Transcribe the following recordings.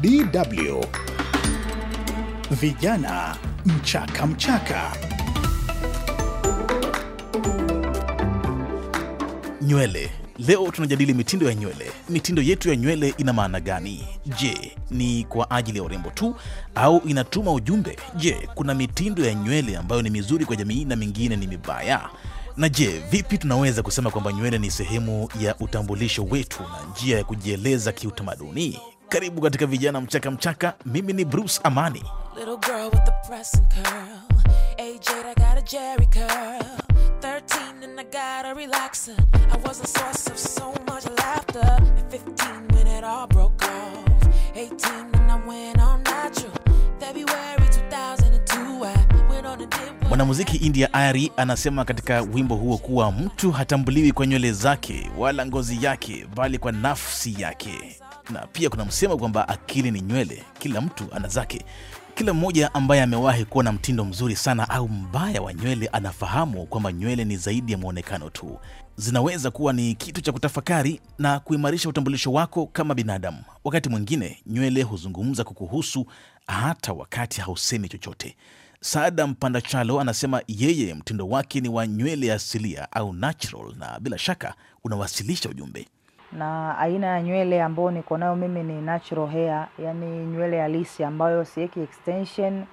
DW Vijana Mchaka Mchaka. Nywele. Leo tunajadili mitindo ya nywele. Mitindo yetu ya nywele ina maana gani? Je, ni kwa ajili ya urembo tu au inatuma ujumbe? Je, kuna mitindo ya nywele ambayo ni mizuri kwa jamii na mingine ni mibaya? Na je, vipi tunaweza kusema kwamba nywele ni sehemu ya utambulisho wetu na njia ya kujieleza kiutamaduni? Karibu katika vijana mchaka mchaka. Mimi ni Bruce Amani. Mwanamuziki India Ari anasema katika wimbo huo kuwa mtu hatambuliwi kwa nywele zake wala ngozi yake, bali kwa nafsi yake na pia kuna msemo kwamba akili ni nywele, kila mtu ana zake. Kila mmoja ambaye amewahi kuwa na mtindo mzuri sana au mbaya wa nywele anafahamu kwamba nywele ni zaidi ya mwonekano tu. Zinaweza kuwa ni kitu cha kutafakari na kuimarisha utambulisho wako kama binadamu. Wakati mwingine nywele huzungumza kukuhusu hata wakati hausemi chochote. Saada Mpandachalo anasema yeye mtindo wake ni wa nywele asilia au natural, na bila shaka unawasilisha ujumbe na aina ya nywele ambayo niko nayo mimi ni natural hair, yani nywele halisi ambayo siweki extension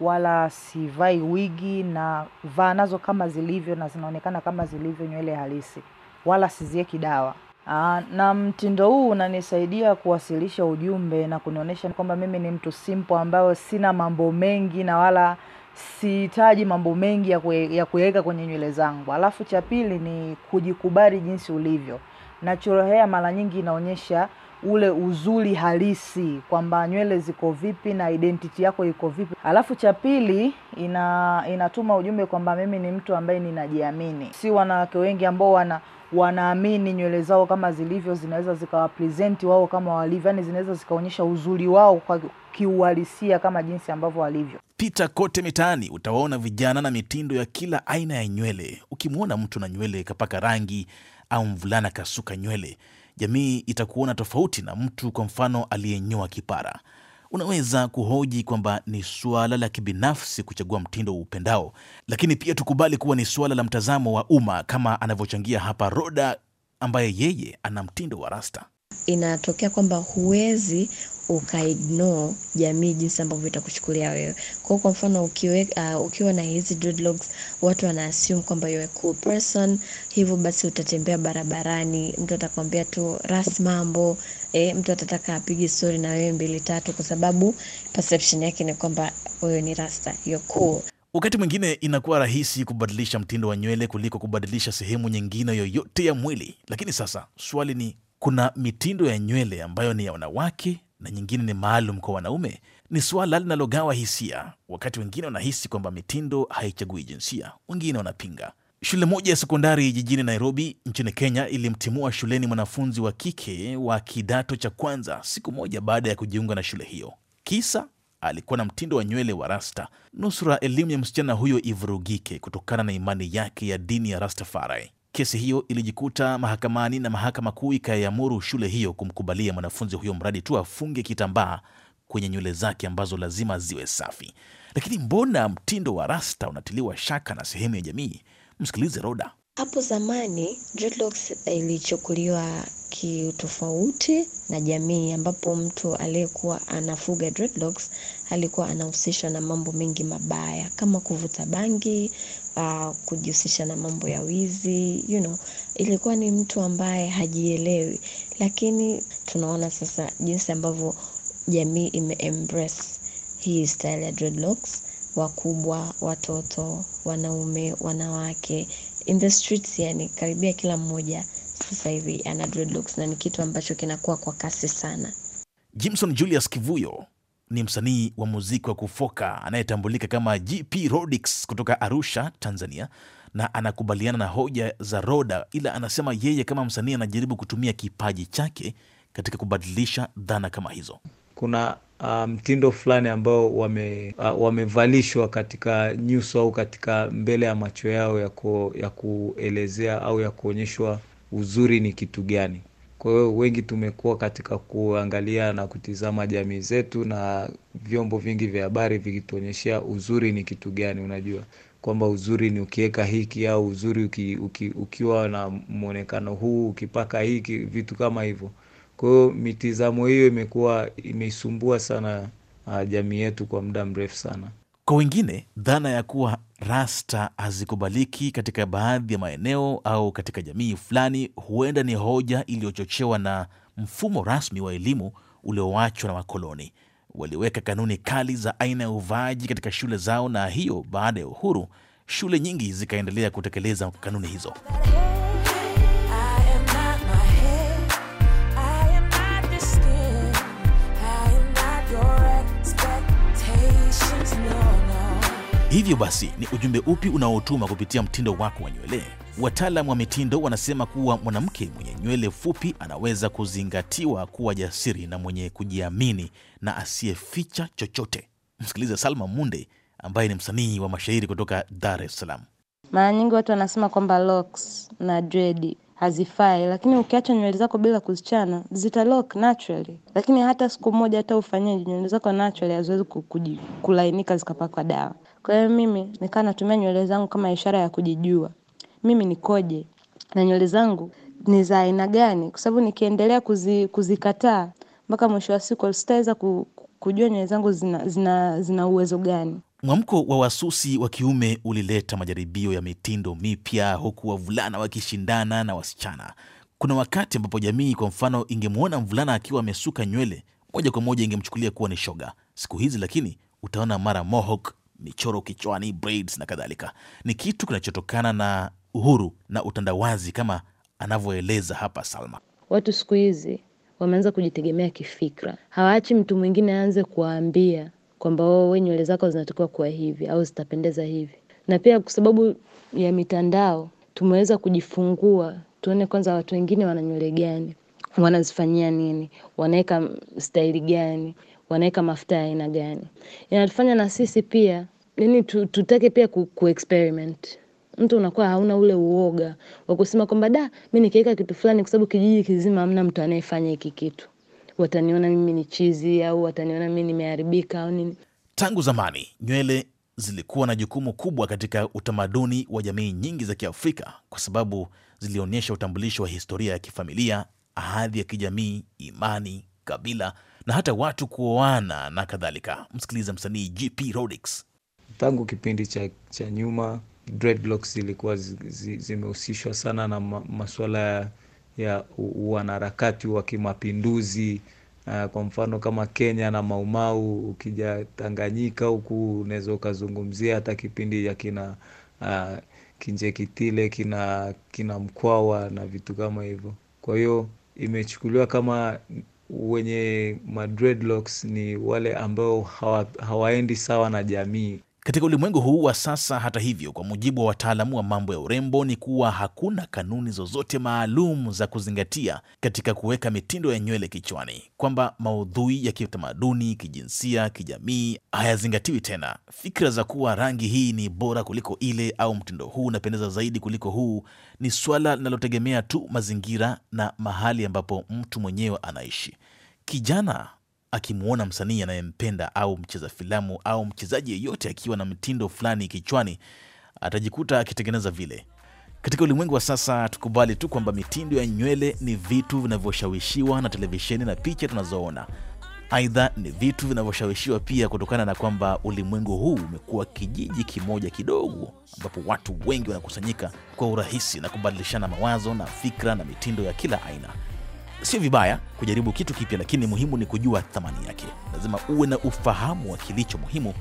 wala sivai wigi na vaa nazo kama zilivyo na zinaonekana kama zilivyo nywele halisi wala sizieki dawa. Aa, na mtindo huu unanisaidia kuwasilisha ujumbe na kunionyesha kwamba mimi ni mtu simple ambayo sina mambo mengi na wala sihitaji mambo mengi ya kuweka kwenye nywele zangu. Alafu cha pili ni kujikubali jinsi ulivyo. Natural hair mara nyingi inaonyesha ule uzuri halisi kwamba nywele ziko vipi na identity yako iko vipi. Alafu cha pili ina, inatuma ujumbe kwamba mimi ni mtu ambaye ninajiamini. Si wanawake wengi ambao wana wanaamini nywele zao kama zilivyo zinaweza zikawapresenti wao kama walivyo, yani zinaweza zikaonyesha uzuri wao kwa kiuhalisia kama jinsi ambavyo walivyo. Ukipita kote mitaani utawaona vijana na mitindo ya kila aina ya nywele. Ukimwona mtu na nywele kapaka rangi au mvulana kasuka nywele, jamii itakuona tofauti na mtu kwa mfano aliyenyoa kipara. Unaweza kuhoji kwamba ni suala la kibinafsi kuchagua mtindo upendao, lakini pia tukubali kuwa ni suala la mtazamo wa umma, kama anavyochangia hapa Roda ambaye yeye ana mtindo wa rasta. Inatokea kwamba huwezi ukaignore jamii jinsi ambavyo itakuchukulia wewe. Kwa kwa mfano ukiwe, uh, ukiwa na hizi dreadlocks watu wana assume kwamba you're a cool person, hivyo basi utatembea barabarani, mtu atakwambia tu ras mambo, eh, mtu atataka apige story na wewe mbili tatu kwa sababu perception yake ni kwamba wewe ni rasta, you're cool. Wakati mwingine inakuwa rahisi kubadilisha mtindo wa nywele kuliko kubadilisha sehemu nyingine yoyote ya mwili, lakini sasa swali ni kuna mitindo ya nywele ambayo ni ya wanawake na nyingine ni maalum kwa wanaume, ni suala linalogawa hisia. Wakati wengine wanahisi kwamba mitindo haichagui jinsia, wengine wanapinga. Shule moja ya sekondari jijini Nairobi nchini Kenya ilimtimua shuleni mwanafunzi wa kike wa kidato cha kwanza siku moja baada ya kujiunga na shule hiyo. Kisa alikuwa na mtindo wa nywele wa rasta. Nusura elimu ya msichana huyo ivurugike kutokana na imani yake ya dini ya Rastafari. Kesi hiyo ilijikuta mahakamani na mahakama kuu ikaiamuru shule hiyo kumkubalia mwanafunzi huyo mradi tu afunge kitambaa kwenye nywele zake ambazo lazima ziwe safi. Lakini mbona mtindo wa rasta unatiliwa shaka na sehemu ya jamii? Msikilize Roda. Hapo zamani, dreadlocks ilichukuliwa kiutofauti na jamii ambapo mtu aliyekuwa anafuga dreadlocks alikuwa anahusishwa na mambo mengi mabaya kama kuvuta bangi, ah, kujihusisha na mambo ya wizi, you know, ilikuwa ni mtu ambaye hajielewi. Lakini tunaona sasa jinsi ambavyo jamii imeembrace hii style ya dreadlocks, wakubwa, watoto, wanaume, wanawake in the streets yani karibia kila mmoja sasa hivi ana dreadlocks na ni kitu ambacho kinakuwa kwa kasi sana. Jimson Julius Kivuyo ni msanii wa muziki wa kufoka anayetambulika kama GP Rodix kutoka Arusha, Tanzania na anakubaliana na hoja za Roda, ila anasema yeye kama msanii anajaribu kutumia kipaji chake katika kubadilisha dhana kama hizo. Kuna Um, mtindo um, fulani ambao wame, uh, wamevalishwa katika nyuso au katika mbele ya macho yao ya, ku, ya kuelezea au ya kuonyeshwa uzuri ni kitu gani. Kwa hiyo wengi tumekuwa katika kuangalia na kutizama jamii zetu na vyombo vingi vya habari vikituonyeshea uzuri ni kitu gani. Unajua kwamba uzuri ni ukiweka hiki au uzuri uki, uki, ukiwa na mwonekano huu ukipaka hiki, vitu kama hivyo. Kwa hiyo mitizamo hiyo imekuwa imeisumbua sana uh, jamii yetu kwa muda mrefu sana. Kwa wengine, dhana ya kuwa rasta hazikubaliki katika baadhi ya maeneo au katika jamii fulani huenda ni hoja iliyochochewa na mfumo rasmi wa elimu ulioachwa na wakoloni. Waliweka kanuni kali za aina ya uvaaji katika shule zao, na hiyo baada ya uhuru shule nyingi zikaendelea kutekeleza kanuni hizo. Hivyo basi, ni ujumbe upi unaotuma kupitia mtindo wako wa nywele? Wataalam wa mitindo wanasema kuwa mwanamke mwenye nywele fupi anaweza kuzingatiwa kuwa jasiri na mwenye kujiamini na asiyeficha chochote. Msikilize Salma Munde ambaye ni msanii wa mashairi kutoka Dar es Salaam. Mara nyingi watu wanasema kwamba locks na dread hazifai, lakini ukiacha nywele zako bila kuzichana zita lock naturally. Lakini hata siku moja hata ufanyaji nywele zako naturally haziwezi kulainika zikapakwa dawa. Kwa hiyo mimi nikawa natumia nywele zangu kama ishara ya kujijua. Mimi nikoje. Na nywele zangu ni za aina gani. Kwa sababu nikiendelea kuzikataa mpaka mwisho wa siku sitaweza kujua nywele zangu zina uwezo gani. Mwamko wa wasusi wa kiume ulileta majaribio ya mitindo mipya huku wavulana wakishindana na wasichana. Kuna wakati ambapo jamii kwa mfano ingemwona mvulana akiwa amesuka nywele, moja kwa moja ingemchukulia kuwa ni shoga. Siku hizi lakini utaona mara mohawk michoro kichwani, braids na kadhalika, ni kitu kinachotokana na uhuru na utandawazi, kama anavyoeleza hapa Salma. Watu siku hizi wameanza kujitegemea kifikra, hawaachi mtu mwingine aanze kuwaambia kwamba oh, we nywele zako zinatakiwa kuwa hivi au zitapendeza hivi. Na pia kwa sababu ya mitandao tumeweza kujifungua, tuone kwanza watu wengine wana nywele gani, wanazifanyia nini, wanaweka staili gani, wanaweka mafuta ya aina gani. Inatufanya na sisi pia nini tutake pia ku, ku mtu unakuwa hauna ule uoga wa kusema kwamba da, mi nikiweka kitu fulani, kwa sababu kijiji kizima amna mtu anayefanya hiki kitu, wataniona mimi ni chizi au wataniona mimi nimeharibika au nini. Tangu zamani nywele zilikuwa na jukumu kubwa katika utamaduni wa jamii nyingi za Kiafrika kwa sababu zilionyesha utambulisho wa historia ya kifamilia, ahadhi ya kijamii, imani, kabila na hata watu kuoana na kadhalika. Msikiliza msanii GP Rodix. Tangu kipindi cha, cha nyuma dreadlocks zilikuwa zimehusishwa sana na masuala ya, ya wanaharakati wa kimapinduzi uh, kwa mfano kama Kenya na Maumau. Ukija Tanganyika huku unaweza ukazungumzia hata kipindi ya kina uh, ah, Kinjekitile kina, kina Mkwawa na vitu kama hivyo. Kwa hiyo imechukuliwa kama wenye madreadlocks ni wale ambao hawa, hawaendi sawa na jamii. Katika ulimwengu huu wa sasa, hata hivyo, kwa mujibu wa wataalamu wa mambo ya urembo, ni kuwa hakuna kanuni zozote maalum za kuzingatia katika kuweka mitindo ya nywele kichwani, kwamba maudhui ya kitamaduni, kijinsia, kijamii hayazingatiwi tena. Fikra za kuwa rangi hii ni bora kuliko ile au mtindo huu unapendeza zaidi kuliko huu ni swala linalotegemea tu mazingira na mahali ambapo mtu mwenyewe anaishi. Kijana akimwona msanii anayempenda au mcheza filamu au mchezaji yeyote akiwa na mtindo fulani kichwani, atajikuta akitengeneza vile. Katika ulimwengu wa sasa, tukubali tu kwamba mitindo ya nywele ni vitu vinavyoshawishiwa na televisheni na picha tunazoona. Aidha, ni vitu vinavyoshawishiwa pia kutokana na kwamba ulimwengu huu umekuwa kijiji kimoja kidogo, ambapo watu wengi wanakusanyika kwa urahisi na kubadilishana mawazo na fikra na mitindo ya kila aina sio vibaya kujaribu kitu kipya, lakini muhimu ni kujua thamani yake. Lazima uwe na ufahamu wa kilicho muhimu,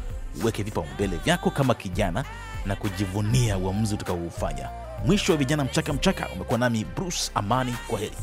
uweke vipaumbele vyako kama kijana na kujivunia uamuzi utakaoufanya. Mwisho wa Vijana Mchaka Mchaka, umekuwa nami Bruce Amani, kwa heri.